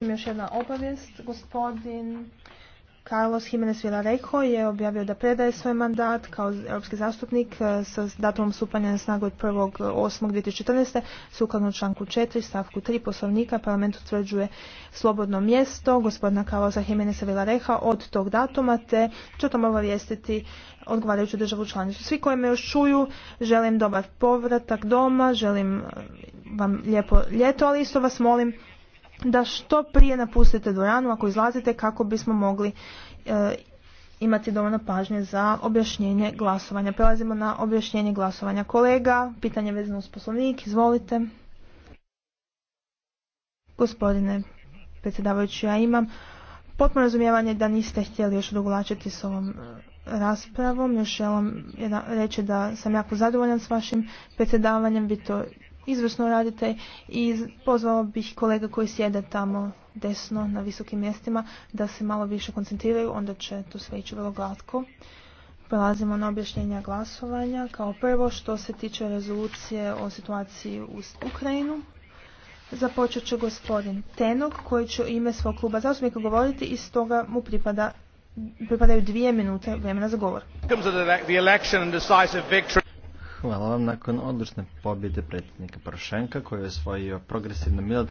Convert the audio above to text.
Još jedna obavijest. Gospodin Carlos Jimenez Villarejo je objavio da predaje svoj mandat kao europski zastupnik eh, sa datumom stupanja na snagu od 1.8.2014. sukladno članku 4 stavku 3 poslovnika parlament utvrđuje slobodno mjesto gospodina Carlosa Jimeneza Villareja od tog datuma te ću o tom obavijestiti odgovarajuću državu članicu. Svi koji me još čuju želim dobar povratak doma, želim eh, vam lijepo ljeto, ali isto vas molim da što prije napustite dvoranu ako izlazite kako bismo mogli e, imati dovoljno pažnje za objašnjenje glasovanja. Prelazimo na objašnjenje glasovanja kolega. Pitanje vezano uz poslovnik. Izvolite. Gospodine predsjedavajući, ja imam potpuno razumijevanje da niste htjeli još odugovlačiti s ovom e, raspravom. Još želim reći da sam jako zadovoljan s vašim predsjedavanjem. Vi to izvrsno radite i pozvao bih kolega koji sjede tamo desno na visokim mjestima da se malo više koncentriraju, onda će to sve ići vrlo glatko. Prelazimo na objašnjenja glasovanja. Kao prvo što se tiče rezolucije o situaciji u Ukrajinu, započet će gospodin Tenog koji će u ime svog kluba zastupnika govoriti i stoga mu pripadaju dvije minute vremena za govor. Hvala vam nakon odlučne pobjede predsjednika Porošenka koji je osvojio progresivno